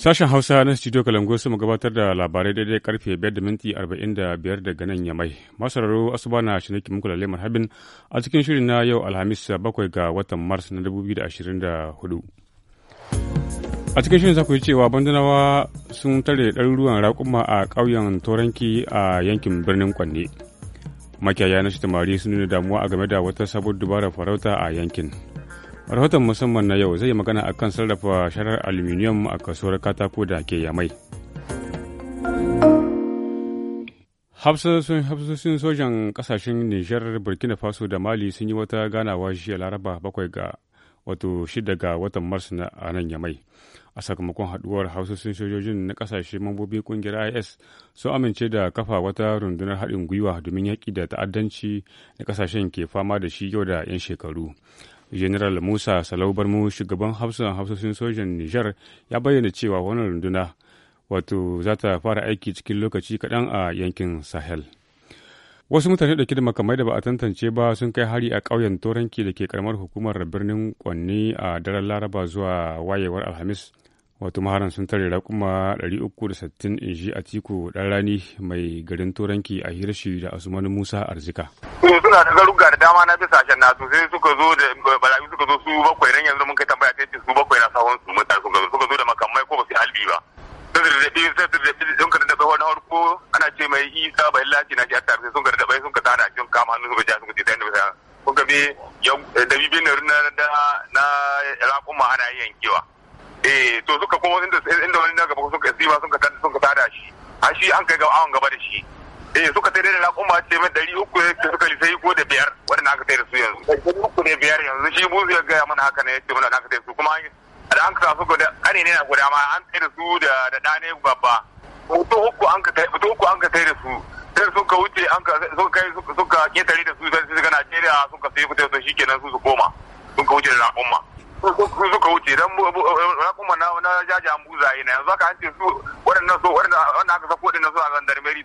Sashen Hausa na Studio Kalango sun gabatar da labarai daidai karfe 5 da minti 45 daga nan yamai. mai asuba na shi nake muku lalle marhabin a cikin shirin na yau Alhamis 7 ga watan Mars na 2024. A cikin shirin za ku yi cewa bandunawa sun tare ɗaruruwan raƙuma a ƙauyen Toranki a yankin birnin Kwanne. Makiyaya na shi sun nuna damuwa a game da wata sabon dubarar farauta a yankin. rahoton musamman na yau zai magana a kan sarrafa sharar aluminium a kasuwar katako da ke yamai hafsoshin sojan kasashen nijar burkina faso da mali sun yi wata ganawa jiya laraba bakwai ga wato shida ga watan mars na a nan yamai a sakamakon haduwar sun sojojin na kasashe mambobi kungiyar is sun amince da kafa wata rundunar haɗin gwiwa domin yaƙi da ta'addanci na kasashen ke fama da shi yau da 'yan shekaru general musa salau barmu shugaban hafsan hafsoshin sojan nijar ya bayyana cewa wannan runduna wato za ta fara aiki cikin lokaci kaɗan a yankin sahel wasu mutane da da makamai da ba a tantance ba sun kai hari a ƙauyen toranki da ke karamar hukumar birnin kwanni a daren laraba zuwa wayewar alhamis wato maharan sun tare kuma 360 inji a tiku dan rani mai garin turanki a hirshi da asumani musa arzika suna da garuga da dama na bisa shan nasu sai suka zo da barayi suka zo su bakwai ran yanzu mun kai tambaya ta su bakwai na sawon su mun tare zo suka zo da makamai ko ba su halbi ba da dai sai sun gardaɗe sun gardaɗe tsohon wani harko ana ce mai isa bai lati na jihar tarihi sun bai sun ka tada kin kama hannu ba ja su ji ta yadda ba sun ka bi eh, da bibin na na raƙuma ana yankewa eh to suka kuma inda inda wani daga ba suka tsiba suka kan suka tada shi A shi an kai ga awon gaba da shi eh suka tare da raƙuma ce mai dari uku ne suka yi ko da biyar waɗanda aka tare su yanzu dari uku da biyar yanzu shi mu ya gaya mana haka ne ya ce mana aka tare su kuma da an kasa su da, ƙane ne na guda ma an tare su da da ɗane babba hoto uku an ka hoto uku an ka tare su sai suka wuce an ka suka kai suka ketare da su sai suka Najeriya suka sai fita su shikenan su su koma sun ka wuce da raƙuma. su wuce dan kuma na na jaja buzaye na yanzu aka an su waɗannan so waɗanda aka sako din su a gandarmeri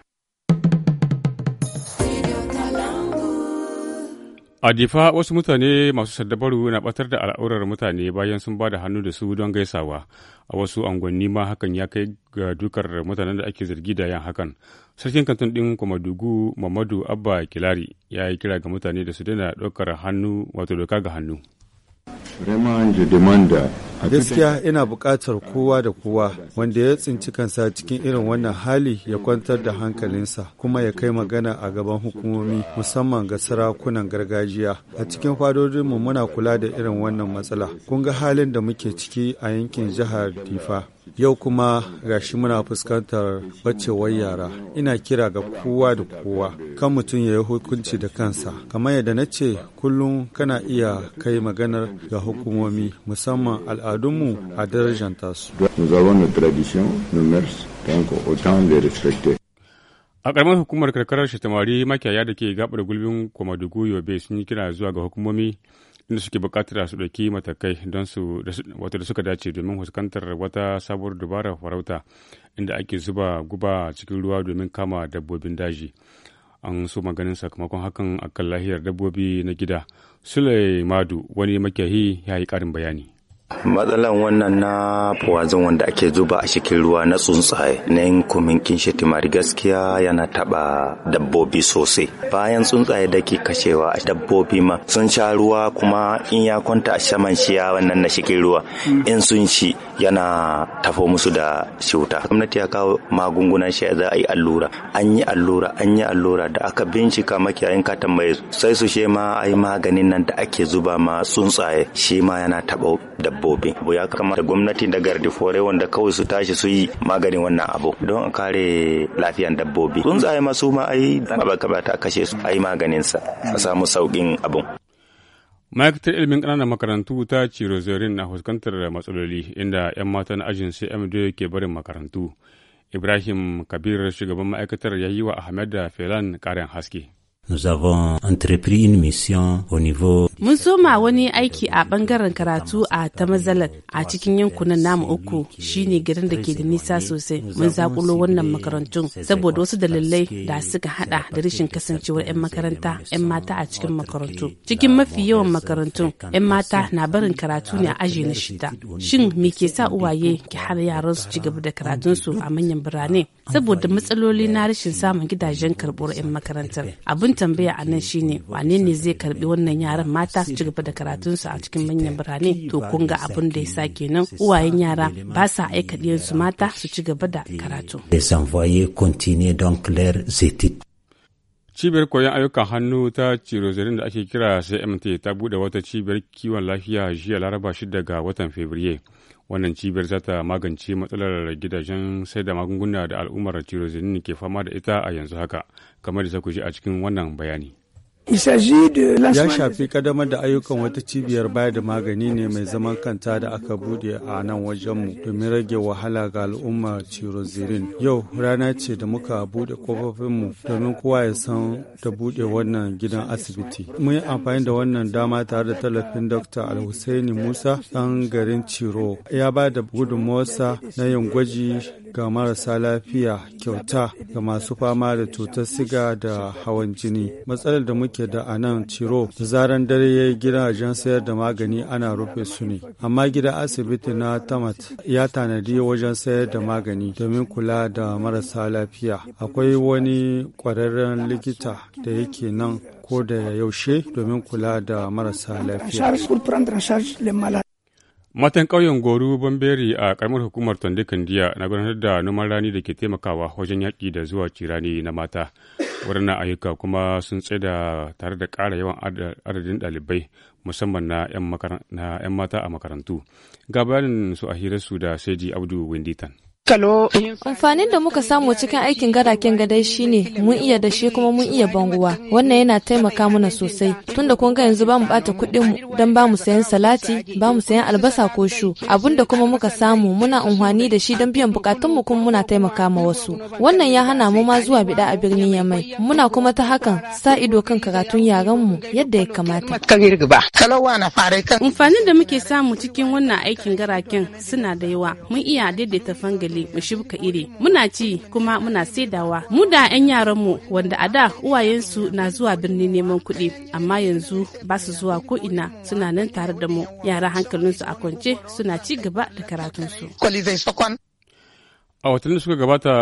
A difa wasu mutane masu saddabaru na batar da al'aurar mutane bayan sun ba da hannu da su don gaisawa. A wasu angonni ma hakan ya kai ga dukar mutanen da ake zargi da yan hakan. Sarkin kantin ɗin Kwamadugu Mamadu Abba Kilari ya yi kira ga mutane da su daina ɗaukar hannu wato doka ga hannu. Gaskiya ina buƙatar kowa da kowa wanda ya tsinci kansa cikin irin wannan hali ya kwantar da hankalinsa kuma ya kai magana a gaban hukumomi musamman ga sarakunan gargajiya. A cikin fadodinmu muna kula da irin wannan matsala. Kun ga halin da muke ciki a yankin jihar Difa. Yau kuma gashi muna fuskantar bacewar yara. Ina kira ga kowa da kowa kan mutum ya yi hukunci da kansa. Kamar yadda na ce kullum kana iya kai maganar ga hukumomi musamman al'adunmu a darajar su. A ƙaramin hukumar karkarar Shatamari makiyaya da ke gabar gulbin Kwamadugu Yobe sun yi kira zuwa ga hukumomi inda suke bukatar su ɗauki matakai don su wato da suka dace domin fuskantar wata sabuwar dubarar farauta inda ake zuba guba cikin ruwa domin kama dabbobin daji an so maganin sakamakon hakan akan lahiyar dabbobi na gida sule wani makiyayi ya yi ƙarin bayani matsalan wannan na puwazin wanda ake zuba a cikin ruwa na tsuntsaye na yin kumin kinshi timari gaskiya yana taba dabbobi sosai bayan tsuntsaye da ke kashewa a dabbobi ma sun sha ruwa kuma in ya kwanta a saman shiya wannan na cikin ruwa in sun shi yana tafo musu da shuta gwamnati ya kawo magungunan shi za a yi allura an yi allura an yi allura da aka bincika makiyayin ka tambaye sai su shema ayi maganin nan da ake zuba ma tsuntsaye shi ma yana taba dabbobi ya da gwamnati da fore wanda kawai su tashi su yi maganin wannan abu don a kare lafiyan dabbobi tsuntsaye masu ma ai kabata a kashe su ayi maganin sa a samu saukin abun ma'aikatar ilimin ƙananan makarantu ta ce rosarin na fuskantar matsaloli inda 'yan na ajin cmd ke barin makarantu ibrahim kabir shugaban ma'aikatar ya yi wa ahmed da felan ƙarin haske Nous avons entrepris une mission au niveau Mun soma wani aiki a bangaren karatu a Tamazalat a cikin yankunan namu uku shine garin da ke da nisa sosai mun zakulo wannan makarantun saboda wasu dalilai da suka hada da rashin kasancewar 'yan makaranta 'yan mata a cikin makarantu. Cikin mafi yawan makarantun 'yan mata na barin karatu ne a aji na shida. Shin me ke sa uwaye ki hana yaran su ci gaba da su a manyan birane saboda matsaloli na rashin samun gidajen karɓar 'yan makarantar. Abin tambaya a nan shine wane ne zai karbi wannan yaran mata su ci gaba da karatunsu a cikin manyan birane to kun ga abin da ya sa kenan uwayen yara ba sa aika su mata su ci gaba da karatu. Cibiyar koyon ayyukan hannu ta cirozirin da ake kira CMT ta buɗe wata cibiyar kiwon lafiya jiya Laraba 6 ga watan Fabrairu. wannan cibiyar za ta magance matsalar gidajen sai da magunguna da al'ummar cirozin ke fama da ita a yanzu haka kamar da ta ku ji a cikin wannan bayani Ya shafi kadamar da ayyukan wata cibiyar bayar da magani ne mai zaman kanta da aka bude a nan wajenmu domin rage wahala ga al'umma cirozirin. Yau rana ce da muka bude kofofinmu domin kowa ya san da bude wannan gidan asibiti. Mun yi amfani da wannan dama tare da tallafin Dr. Alhussaini Musa ɗan garin Ciro. Ya ba da gudunmawarsa na yin gwaji ga marasa lafiya kyauta ga masu fama da cutar siga da hawan jini. Matsalar da muke ke da a nan ciro da zaran dare ya yi gidajen sayar da magani ana rufe su ne amma gida asibiti na tamat ya tanadi wajen sayar da magani domin kula da marasa lafiya akwai wani kwararren likita da yake nan ko da yaushe domin kula da marasa lafiya Matan ƙauyen Goru Bamberi a ƙaramar hukumar Tondikandiya na gudanar da noman rani da ke taimakawa wajen yaƙi da zuwa cirani na mata. Waɗannan ayyuka kuma sun tsaida tare da ƙara yawan adadin ɗalibai musamman na 'yan mata a makarantu. Ga bayanin su a hirarsu da Seji Abdu Winditan. Amfanin da muka samu cikin aikin garaken gadai shine mun iya da shi kuma mun iya banguwa. Wannan yana taimaka mana sosai. Tunda kun ga yanzu ba mu bata kuɗin don ba mu sayan salati, ba mu sayan albasa ko shu. Abun da kuma muka samu muna amfani da shi don biyan bukatun mu kuma muna taimaka ma wasu. Wannan ya hana mu ma zuwa bida a birnin Yamai. Muna kuma ta hakan sa ido kan karatun yaran mu yadda ya kamata. Amfanin da muke samu cikin wannan aikin garaken suna da yawa. Mun iya daidaita fangali iri mu shibka iri muna ci kuma muna saidawa mu da 'yan yaran mu wanda a da uwayensu na zuwa birni neman kuɗi amma yanzu ba su zuwa ko ina suna nan tare da mu yara hankalinsu a kwance suna ci gaba da karatunsu. a watanni suka gabata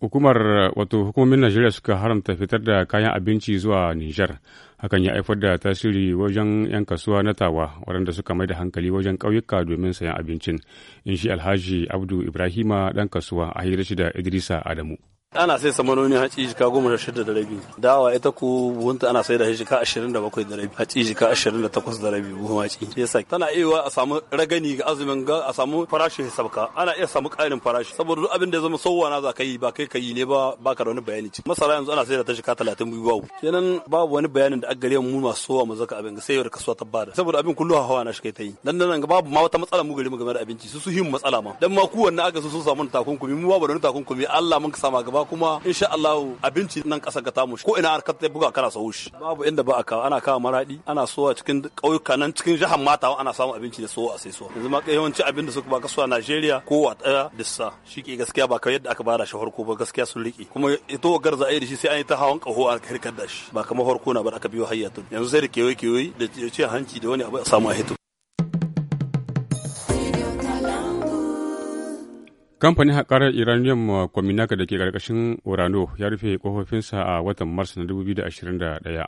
hukumar wato hukumomin najeriya suka haramta fitar da kayan abinci zuwa nijar hakan ya haifar da tasiri wajen 'yan kasuwa na tawa waɗanda suka mai da hankali wajen ƙauyuka domin sayan abincin in shi alhaji abdu ibrahima ɗan kasuwa a hira shi da idrisa adamu ana sai samanoni haci jika goma da shida da rabi dawa ita ku buhunta ana sai da jika ashirin da bakwai da rabi haci jika ashirin da takwas da rabi buhun haci yasa tana iya a samu ragani ga azumin ga a samu farashi sabka ana iya samu ƙarin farashi saboda duk abin da zama sowa na za ka yi ba kai ka yi ne ba ba ka da wani bayani ci masara yanzu ana sai da ta jika talatin biyu babu kenan babu wani bayanin da aggare mu masu sowa mu zaka abin sai yau da kasuwa ta bada saboda abin kullu hawa na shi kai ta yi dan nan babu ma wata matsala mu gari mu game da abinci su su him matsala ma dan ma ku wannan aka su su samu takunkumi mu babu wani takunkumi Allah mun ka sama gaba kuma insha Allah abinci nan kasar ka tamu ko ina harkar ta buga kana sawo shi babu inda ba a kawo ana kawo maradi ana sowa cikin ƙauyuka nan cikin jihar mata ana samun abinci da sowa a sai sowa yanzu ma yawanci abin da suka baka sowa Najeriya ko wa ɗaya dissa shi ke gaskiya ba kawai yadda aka bada shi farko ba gaskiya sun riƙe kuma ito garza ayi da shi sai an yi ta hawan ƙaho a harkar da shi ba kamar farko na ba aka biyo hayyatun yanzu sai da kewaye kewaye da ce hanci da wani abu a samu a hito Kamfanin haƙar Iranium Kwaminaka uh, da ke ƙarƙashin Urano ya rufe ƙofofinsa a watan Mars na 2021.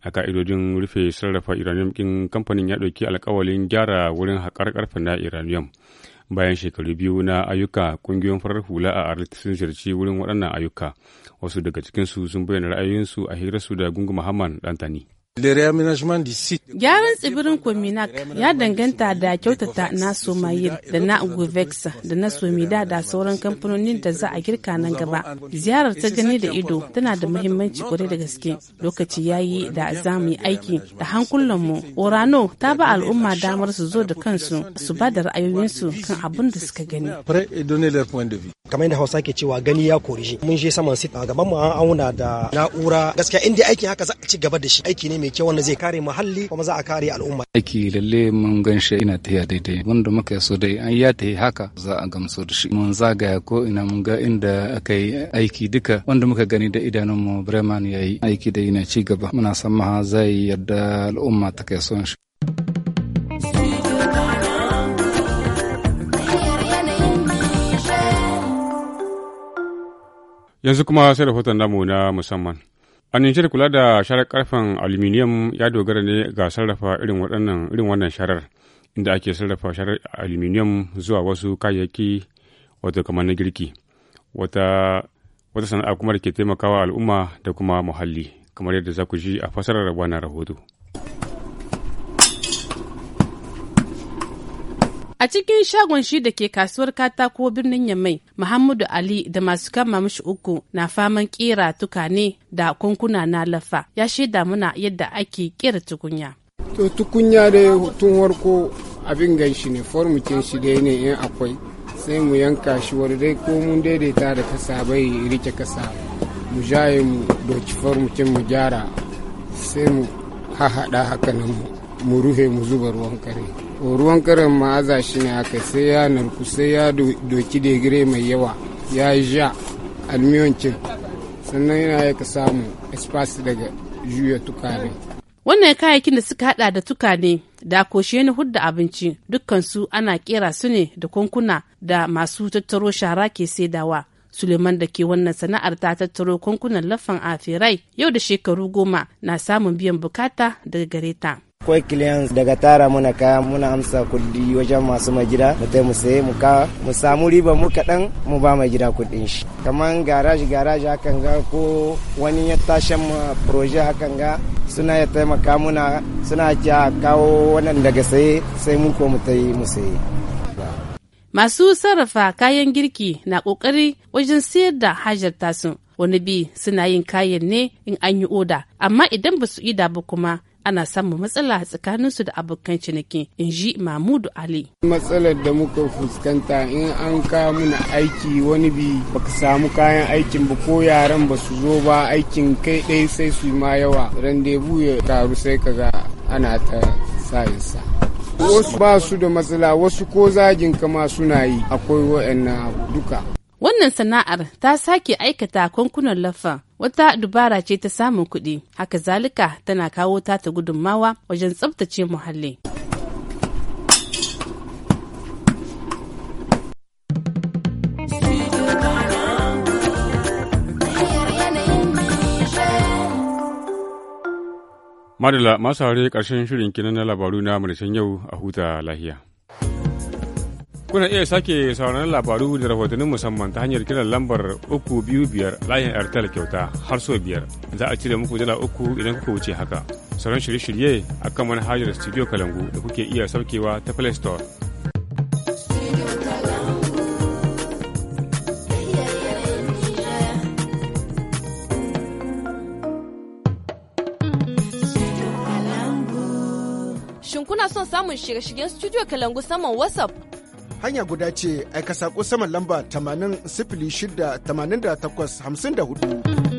A ka'idodin rufe sarrafa Iranium ɗin kamfanin ya ɗauki alkawalin gyara wurin haƙar ƙarfe na Iranium. Bayan shekaru biyu na ayyuka, ƙungiyoyin farar hula a Arlit sun ziyarci wurin waɗannan ayyuka. Wasu daga cikinsu sun bayyana ra'ayoyinsu a hirarsu da Gungu Muhammad Dantani. Gyaran tsibirin Kominak ya danganta da kyautata na Somayil da na Govexa da na Somida da sauran kamfanonin da za a girka nan gaba. Ziyarar ta gani da ido tana da muhimmanci kwarai da gaske. Lokaci ya yi da za mu yi aiki da hankulanmu. Orano ta ba al'umma damar su zo da kansu su ba da ra'ayoyinsu kan abin da suka gani. kamar da hausa ke cewa gani ya kori shi mun je saman sit gaban mu an auna da na'ura gaskiya inda aikin haka za a ci gaba da shi aiki ne mai mai kyau wanda zai kare muhalli kuma za a kare al'umma aiki lalle mun shi ina tafiya daidai wanda muka so dai an ya tafi haka za a gamsu da shi mun zagaya ko ina mun ga inda aka yi aiki duka wanda muka gani da idanunmu breman ya yi aiki da yana ci gaba muna san maha zai yarda al'umma ta kai son shi yanzu kuma sai da hoton namu na musamman A Nijar kula da sharar karfen aluminium ya dogara ne ga sarrafa irin waɗannan irin wannan sharar inda ake sarrafa sharar aluminium zuwa wasu kayayyaki wato kamar na girki. Wata wata sana'a kuma da ke taimakawa al'umma da kuma muhalli kamar yadda za ku ji a fasarar wannan rahoto. A cikin shagon shi da ke kasuwar katako birnin Yamai, Muhammadu Ali da masu kama mashi uku na faman kera tukane da kunkuna na lafa. Ya shaida muna yadda ake kera tukunya. To tukunya da tun warko abin ganshi ne, formukin shi dai ne in akwai. Sai mu yanka shi wani dai ko mun daidaita da kasa bai rike kasa. Mu jaye mu doki formukin mu gyara sai mu hahaɗa haka nan mu ruhe mu zuba ruwan kare. ruwan karin ma'aza shi ne aka sai ya narku sai ya doki degire mai yawa ya yi ja almiyoncin sannan yana yaka samu espas daga juya tukane wannan kayayyakin da suka hada da tukane da koshe na hudda abinci dukkansu ana kera su ne da kunkuna da masu tattaro shara ke saidawa Suleiman da ke wannan sana'ar ta tattaro kunkunan laffan afirai yau da shekaru goma na samun biyan bukata daga gareta. akwai kiliyan daga tara muna kaya muna amsa kuɗi wajen masu mai mu mu saye mu kawa mu samu riba mu kaɗan mu ba mai gida kuɗin shi kamar garaji garaji hakan ga ko wani ya tashan ma proje hakan ga suna ya taimaka muna suna a kawo wannan daga saye sai mu ko mu tai mu saye masu sarrafa kayan girki na kokari wajen sayar da hajar tasu wani bi suna yin kayan ne in an yi oda amma idan ba su ida ba kuma ana samun matsala tsakanin su da abokan ciniki in ji mahmudu ali matsalar da muka fuskanta in an kawo muna aiki wani bi baka samu kayan aikin ba ko yaran ba su zo ba aikin kai ɗaya sai su ma yawa randevu ya karu sai kaga ana ta sayinsa wasu ba su da matsala wasu ko zagin kama suna yi akwai wa'annan duka Wannan sana'ar ta sake aikata kunkunan lafa wata dubara ce ta samun kuɗi, haka zalika tana kawo ta ta gudunmawa wajen tsabtace muhalli. Madala masu haure ƙarshen shirin kinan na labaru na marishin yau a huta lahiya. Kuna iya sake sauran labaru da rahotannin musamman ta hanyar kiran lambar 325 layin tal kyauta har so biyar. Za a cire muku dala uku idan kuka wuce haka. Sauran shirye-shirye a kan manhajar Studio Kalangu da kuke iya saukewa ta Play Store. Shin kuna son samun shirye-shiryen Studio Kalangu saman WhatsApp? hanya guda ce aika saƙo saman lamba 80 68 54.